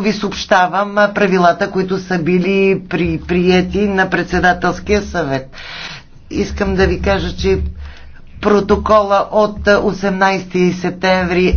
ви съобщавам правилата, които са били при, приети на председателския съвет. Искам да ви кажа, че протокола от 18 септември